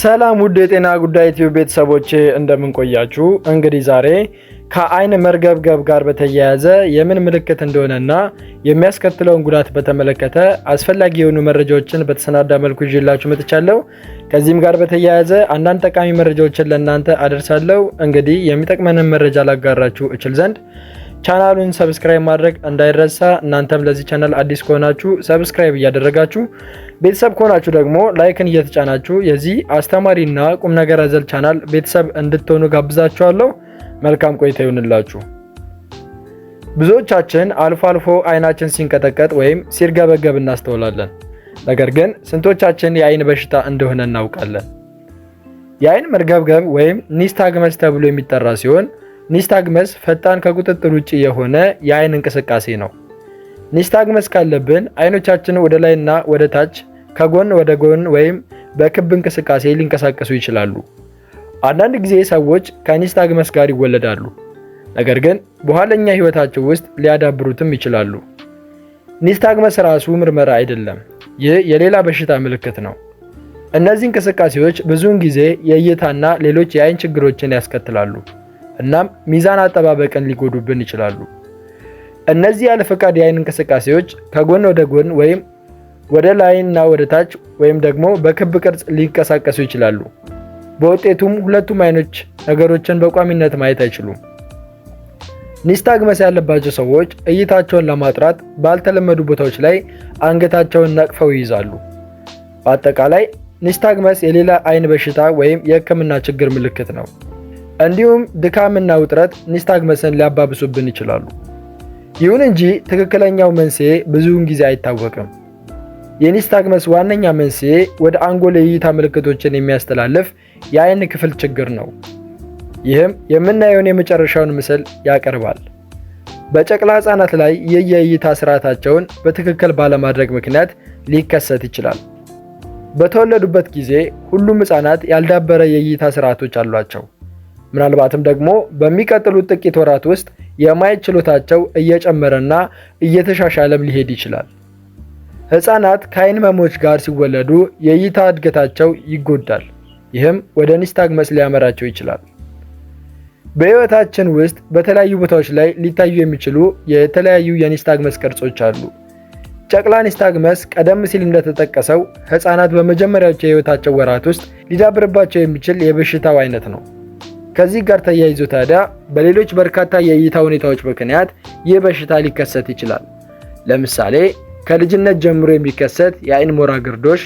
ሰላም ውድ የጤና ጉዳይ ቲዩብ ቤተሰቦች እንደምንቆያችሁ። እንግዲህ ዛሬ ከአይን መርገብገብ ጋር በተያያዘ የምን ምልክት እንደሆነና የሚያስከትለውን ጉዳት በተመለከተ አስፈላጊ የሆኑ መረጃዎችን በተሰናዳ መልኩ ይዤላችሁ መጥቻለሁ። ከዚህም ጋር በተያያዘ አንዳንድ ጠቃሚ መረጃዎችን ለእናንተ አደርሳለሁ። እንግዲህ የሚጠቅመንን መረጃ ላጋራችሁ እችል ዘንድ ቻናሉን ሰብስክራይብ ማድረግ እንዳይረሳ። እናንተም ለዚህ ቻናል አዲስ ከሆናችሁ ሰብስክራይብ እያደረጋችሁ ቤተሰብ ከሆናችሁ ደግሞ ላይክን እየተጫናችሁ የዚህ አስተማሪና ቁም ነገር አዘል ቻናል ቤተሰብ እንድትሆኑ ጋብዛችኋለሁ። መልካም ቆይታ ይሁንላችሁ። ብዙዎቻችን አልፎ አልፎ አይናችን ሲንቀጠቀጥ ወይም ሲርገበገብ እናስተውላለን። ነገር ግን ስንቶቻችን የአይን በሽታ እንደሆነ እናውቃለን? የአይን መርገብገብ ወይም ኒስታግመስ ተብሎ የሚጠራ ሲሆን ኒስታግመስ ፈጣን ከቁጥጥር ውጭ የሆነ የአይን እንቅስቃሴ ነው። ኒስታግመስ ካለብን አይኖቻችን ወደ ላይና ወደ ታች፣ ከጎን ወደ ጎን ወይም በክብ እንቅስቃሴ ሊንቀሳቀሱ ይችላሉ። አንዳንድ ጊዜ ሰዎች ከኒስታግመስ ጋር ይወለዳሉ፣ ነገር ግን በኋለኛ ህይወታቸው ውስጥ ሊያዳብሩትም ይችላሉ። ኒስታግመስ ራሱ ምርመራ አይደለም፣ ይህ የሌላ በሽታ ምልክት ነው። እነዚህ እንቅስቃሴዎች ብዙውን ጊዜ የእይታና ሌሎች የአይን ችግሮችን ያስከትላሉ። እናም ሚዛን አጠባበቅን ሊጎዱብን ይችላሉ። እነዚህ ያለ ፈቃድ የአይን እንቅስቃሴዎች ከጎን ወደ ጎን ወይም ወደ ላይና ወደ ታች ወይም ደግሞ በክብ ቅርጽ ሊንቀሳቀሱ ይችላሉ። በውጤቱም ሁለቱም አይኖች ነገሮችን በቋሚነት ማየት አይችሉም። ኒስታግመስ ያለባቸው ሰዎች እይታቸውን ለማጥራት ባልተለመዱ ቦታዎች ላይ አንገታቸውን ነቅፈው ይይዛሉ። በአጠቃላይ ኒስታግመስ የሌላ አይን በሽታ ወይም የሕክምና ችግር ምልክት ነው። እንዲሁም ድካምና ውጥረት ኒስታግመስን ሊያባብሱብን ይችላሉ። ይሁን እንጂ ትክክለኛው መንስኤ ብዙውን ጊዜ አይታወቅም። የኒስታግመስ ዋነኛ መንስኤ ወደ አንጎል የእይታ ምልክቶችን የሚያስተላልፍ የአይን ክፍል ችግር ነው። ይህም የምናየውን የመጨረሻውን ምስል ያቀርባል። በጨቅላ ሕፃናት ላይ የየእይታ ስርዓታቸውን በትክክል ባለማድረግ ምክንያት ሊከሰት ይችላል። በተወለዱበት ጊዜ ሁሉም ሕፃናት ያልዳበረ የእይታ ስርዓቶች አሏቸው። ምናልባትም ደግሞ በሚቀጥሉት ጥቂት ወራት ውስጥ የማየት ችሎታቸው እየጨመረና እየተሻሻለም ሊሄድ ይችላል። ሕፃናት ከአይን ህመሞች ጋር ሲወለዱ የእይታ እድገታቸው ይጎዳል። ይህም ወደ ኒስታግመስ ሊያመራቸው ይችላል። በሕይወታችን ውስጥ በተለያዩ ቦታዎች ላይ ሊታዩ የሚችሉ የተለያዩ የኒስታግመስ ቅርጾች አሉ። ጨቅላ ኒስታግመስ ቀደም ሲል እንደተጠቀሰው ሕፃናት በመጀመሪያዎቹ የሕይወታቸው ወራት ውስጥ ሊዳብርባቸው የሚችል የበሽታው አይነት ነው። ከዚህ ጋር ተያይዞ ታዲያ በሌሎች በርካታ የእይታ ሁኔታዎች ምክንያት ይህ በሽታ ሊከሰት ይችላል። ለምሳሌ ከልጅነት ጀምሮ የሚከሰት የአይን ሞራ ግርዶሽ፣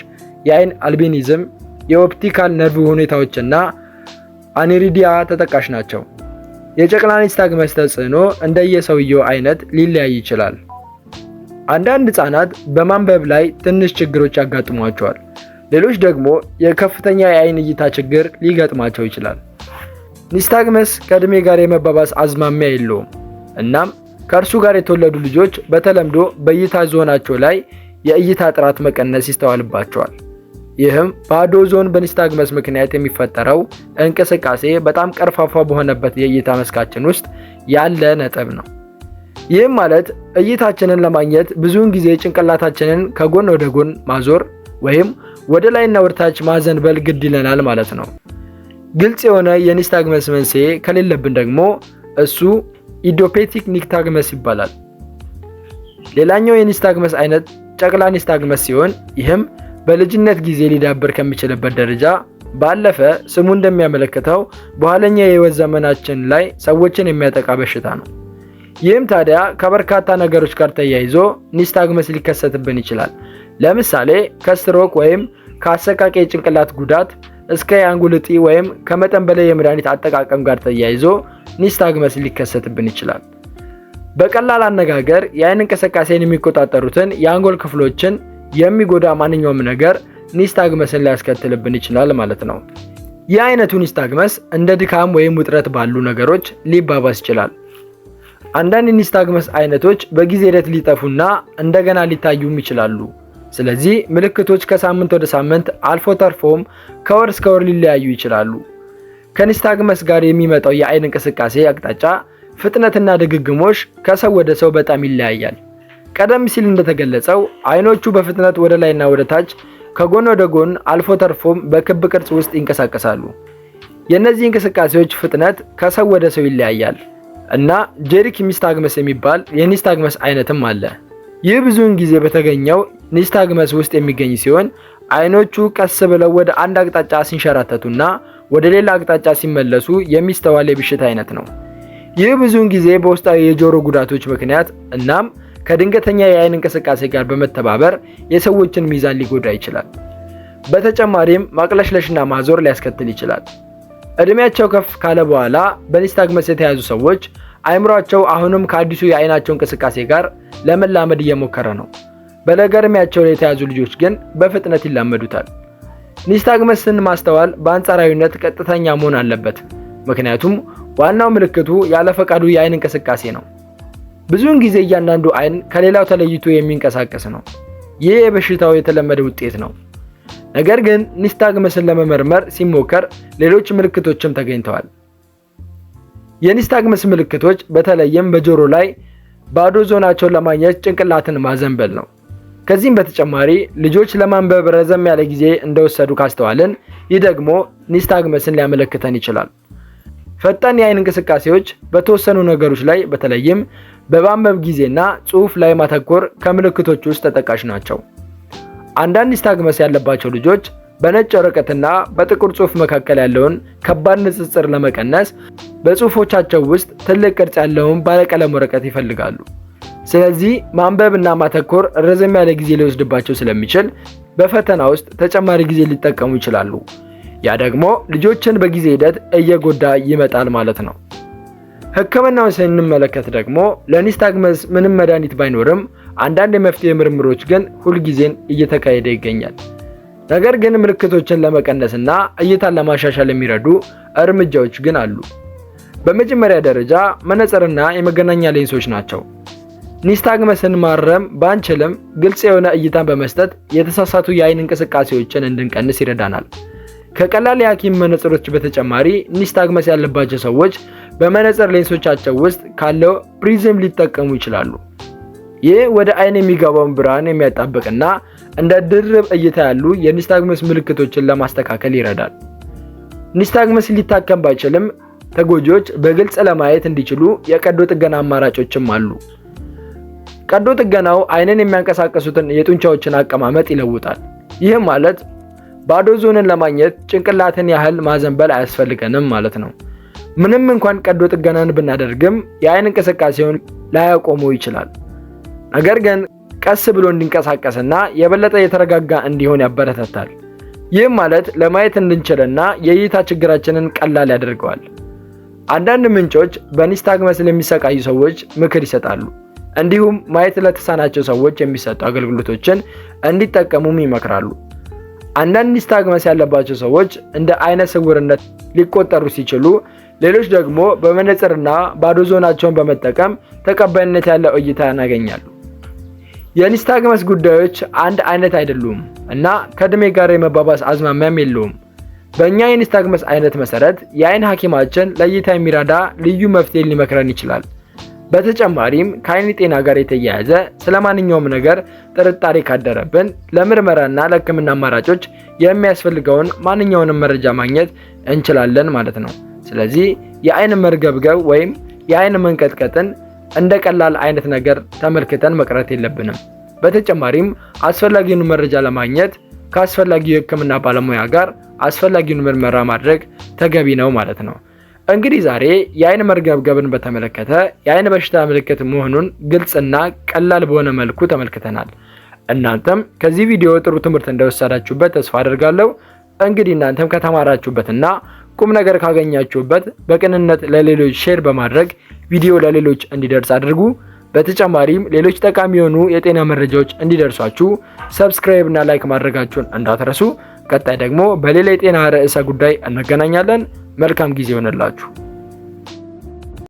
የአይን አልቢኒዝም፣ የኦፕቲካል ነርቭ ሁኔታዎችና አኒሪዲያ ተጠቃሽ ናቸው። የጨቅላ መስተጽዕኖ ተጽዕኖ እንደየሰውየው አይነት ሊለያይ ይችላል። አንዳንድ ህጻናት በማንበብ ላይ ትንሽ ችግሮች ያጋጥሟቸዋል። ሌሎች ደግሞ የከፍተኛ የአይን እይታ ችግር ሊገጥማቸው ይችላል። ኒስታግመስ ከዕድሜ ጋር የመባባስ አዝማሚያ የለውም። እናም ከእርሱ ጋር የተወለዱ ልጆች በተለምዶ በእይታ ዞናቸው ላይ የእይታ ጥራት መቀነስ ይስተዋልባቸዋል። ይህም በአዶ ዞን በኒስታግመስ ምክንያት የሚፈጠረው እንቅስቃሴ በጣም ቀርፋፋ በሆነበት የእይታ መስካችን ውስጥ ያለ ነጥብ ነው። ይህም ማለት እይታችንን ለማግኘት ብዙውን ጊዜ ጭንቅላታችንን ከጎን ወደ ጎን ማዞር ወይም ወደ ላይና ወደታች ማዘንበል ግድ ይለናል ማለት ነው። ግልጽ የሆነ የኒስታግመስ መንስኤ ከሌለብን ደግሞ እሱ ኢዶፔቲክ ኒክታግመስ ይባላል። ሌላኛው የኒስታግመስ አይነት ጨቅላ ኒስታግመስ ሲሆን ይህም በልጅነት ጊዜ ሊዳብር ከሚችልበት ደረጃ ባለፈ ስሙ እንደሚያመለክተው በኋለኛ የህይወት ዘመናችን ላይ ሰዎችን የሚያጠቃ በሽታ ነው። ይህም ታዲያ ከበርካታ ነገሮች ጋር ተያይዞ ኒስታግመስ ሊከሰትብን ይችላል። ለምሳሌ ከስትሮክ ወይም ከአሰቃቂ የጭንቅላት ጉዳት እስከ የአንጎል እጢ ወይም ከመጠን በላይ የመድኃኒት አጠቃቀም ጋር ተያይዞ ኒስታግመስ ሊከሰትብን ይችላል። በቀላል አነጋገር የአይን እንቅስቃሴን የሚቆጣጠሩትን የአንጎል ክፍሎችን የሚጎዳ ማንኛውም ነገር ኒስታግመስን ሊያስከትልብን ይችላል ማለት ነው። ይህ አይነቱ ኒስታግመስ እንደ ድካም ወይም ውጥረት ባሉ ነገሮች ሊባባስ ይችላል። አንዳንድ ኒስታግመስ አይነቶች በጊዜ ሂደት ሊጠፉና እንደገና ሊታዩም ይችላሉ። ስለዚህ ምልክቶች ከሳምንት ወደ ሳምንት አልፎ ተርፎም ከወር እስከ ወር ሊለያዩ ይችላሉ። ከኒስታግመስ ጋር የሚመጣው የአይን እንቅስቃሴ አቅጣጫ፣ ፍጥነትና ድግግሞሽ ከሰው ወደ ሰው በጣም ይለያያል። ቀደም ሲል እንደተገለጸው አይኖቹ በፍጥነት ወደ ላይና ወደ ታች፣ ከጎን ወደ ጎን አልፎ ተርፎም በክብ ቅርጽ ውስጥ ይንቀሳቀሳሉ። የእነዚህ እንቅስቃሴዎች ፍጥነት ከሰው ወደ ሰው ይለያያል እና ጄሪክ ኒስታግመስ የሚባል የኒስታግመስ አይነትም አለ። ይህ ብዙውን ጊዜ በተገኘው ኒስታግመስ ውስጥ የሚገኝ ሲሆን አይኖቹ ቀስ ብለው ወደ አንድ አቅጣጫ ሲንሸራተቱና ወደ ሌላ አቅጣጫ ሲመለሱ የሚስተዋል የብሽታ አይነት ነው። ይህ ብዙውን ጊዜ በውስጣዊ የጆሮ ጉዳቶች ምክንያት እናም ከድንገተኛ የአይን እንቅስቃሴ ጋር በመተባበር የሰዎችን ሚዛን ሊጎዳ ይችላል። በተጨማሪም ማቅለሽለሽና ማዞር ሊያስከትል ይችላል። እድሜያቸው ከፍ ካለ በኋላ በኒስታግመስ የተያዙ ሰዎች አይምሯቸው አሁንም ከአዲሱ የአይናቸው እንቅስቃሴ ጋር ለመላመድ እየሞከረ ነው። በለጋ እድሜያቸው ላይ የተያዙ ልጆች ግን በፍጥነት ይላመዱታል። ኒስታግመስን ማስተዋል በአንጻራዊነት ቀጥተኛ መሆን አለበት፣ ምክንያቱም ዋናው ምልክቱ ያለ ፈቃዱ የአይን እንቅስቃሴ ነው። ብዙውን ጊዜ እያንዳንዱ አይን ከሌላው ተለይቶ የሚንቀሳቀስ ነው። ይህ የበሽታው የተለመደ ውጤት ነው። ነገር ግን ኒስታግመስን ለመመርመር ሲሞከር ሌሎች ምልክቶችም ተገኝተዋል። የኒስታግመስ ምልክቶች በተለይም በጆሮ ላይ ባዶ ዞናቸውን ለማግኘት ጭንቅላትን ማዘንበል ነው። ከዚህም በተጨማሪ ልጆች ለማንበብ ረዘም ያለ ጊዜ እንደወሰዱ ካስተዋልን ይህ ደግሞ ኒስታግመስን ሊያመለክተን ይችላል። ፈጣን የአይን እንቅስቃሴዎች በተወሰኑ ነገሮች ላይ በተለይም በማንበብ ጊዜና ጽሁፍ ላይ ማተኮር ከምልክቶች ውስጥ ተጠቃሽ ናቸው። አንዳንድ ኒስታግመስ ያለባቸው ልጆች በነጭ ወረቀትና በጥቁር ጽሑፍ መካከል ያለውን ከባድ ንጽጽር ለመቀነስ በጽሁፎቻቸው ውስጥ ትልቅ ቅርጽ ያለውን ባለቀለም ወረቀት ይፈልጋሉ። ስለዚህ ማንበብና ማተኮር ረዘም ያለ ጊዜ ሊወስድባቸው ስለሚችል በፈተና ውስጥ ተጨማሪ ጊዜ ሊጠቀሙ ይችላሉ። ያ ደግሞ ልጆችን በጊዜ ሂደት እየጎዳ ይመጣል ማለት ነው። ሕክምናውን ስንመለከት ደግሞ ለኒስታግመስ ምንም መድኃኒት ባይኖርም አንዳንድ የመፍትሄ ምርምሮች ግን ሁልጊዜን እየተካሄደ ይገኛል። ነገር ግን ምልክቶችን ለመቀነስና እይታን ለማሻሻል የሚረዱ እርምጃዎች ግን አሉ። በመጀመሪያ ደረጃ መነጽርና የመገናኛ ሌንሶች ናቸው። ኒስታግመስን ማረም ባንችልም ግልጽ የሆነ እይታን በመስጠት የተሳሳቱ የአይን እንቅስቃሴዎችን እንድንቀንስ ይረዳናል። ከቀላል የሐኪም መነጽሮች በተጨማሪ ኒስታግመስ ያለባቸው ሰዎች በመነጽር ሌንሶቻቸው ውስጥ ካለው ፕሪዝም ሊጠቀሙ ይችላሉ። ይህ ወደ አይን የሚገባውን ብርሃን የሚያጣብቅና እንደ ድርብ እይታ ያሉ የኒስታግመስ ምልክቶችን ለማስተካከል ይረዳል። ኒስታግመስ ሊታከም ባይችልም ተጎጂዎች በግልጽ ለማየት እንዲችሉ የቀዶ ጥገና አማራጮችም አሉ። ቀዶ ጥገናው አይንን የሚያንቀሳቀሱትን የጡንቻዎችን አቀማመጥ ይለውጣል። ይህም ማለት ባዶ ዞንን ለማግኘት ጭንቅላትን ያህል ማዘንበል አያስፈልገንም ማለት ነው። ምንም እንኳን ቀዶ ጥገናን ብናደርግም የአይን እንቅስቃሴውን ላያቆመው ይችላል። ነገር ግን ቀስ ብሎ እንዲንቀሳቀስና የበለጠ የተረጋጋ እንዲሆን ያበረታታል። ይህም ማለት ለማየት እንድንችልና የእይታ ችግራችንን ቀላል ያደርገዋል። አንዳንድ ምንጮች በኒስታግመስ ለሚሰቃዩ ሰዎች ምክር ይሰጣሉ። እንዲሁም ማየት ለተሳናቸው ሰዎች የሚሰጡ አገልግሎቶችን እንዲጠቀሙም ይመክራሉ። አንዳንድ ኒስታግመስ ያለባቸው ሰዎች እንደ አይነ ስውርነት ሊቆጠሩ ሲችሉ፣ ሌሎች ደግሞ በመነጽርና ባዶ ዞናቸውን በመጠቀም ተቀባይነት ያለው እይታን ያገኛሉ። የኒስታግመስ ጉዳዮች አንድ አይነት አይደሉም እና ከእድሜ ጋር የመባባስ አዝማሚያም የለውም። በእኛ የኒስታግመስ አይነት መሰረት የአይን ሐኪማችን ለእይታ የሚረዳ ልዩ መፍትሄ ሊመክረን ይችላል። በተጨማሪም ከአይን ጤና ጋር የተያያዘ ስለ ማንኛውም ነገር ጥርጣሬ ካደረብን ለምርመራና ለሕክምና አማራጮች የሚያስፈልገውን ማንኛውንም መረጃ ማግኘት እንችላለን ማለት ነው። ስለዚህ የአይን መርገብገብ ወይም የአይን መንቀጥቀጥን እንደ ቀላል አይነት ነገር ተመልክተን መቅረት የለብንም። በተጨማሪም አስፈላጊውን መረጃ ለማግኘት ከአስፈላጊው የሕክምና ባለሙያ ጋር አስፈላጊውን ምርመራ ማድረግ ተገቢ ነው ማለት ነው። እንግዲህ ዛሬ የአይን መርገብገብን በተመለከተ የአይን በሽታ ምልክት መሆኑን ግልጽና ቀላል በሆነ መልኩ ተመልክተናል። እናንተም ከዚህ ቪዲዮ ጥሩ ትምህርት እንደወሰዳችሁበት ተስፋ አድርጋለሁ። እንግዲህ እናንተም ከተማራችሁበትና ቁም ነገር ካገኛችሁበት በቅንነት ለሌሎች ሼር በማድረግ ቪዲዮ ለሌሎች እንዲደርስ አድርጉ። በተጨማሪም ሌሎች ጠቃሚ የሆኑ የጤና መረጃዎች እንዲደርሷችሁ ሰብስክራይብ እና ላይክ ማድረጋችሁን እንዳትረሱ። ቀጣይ ደግሞ በሌላ የጤና ርዕሰ ጉዳይ እንገናኛለን። መልካም ጊዜ ይሆንላችሁ።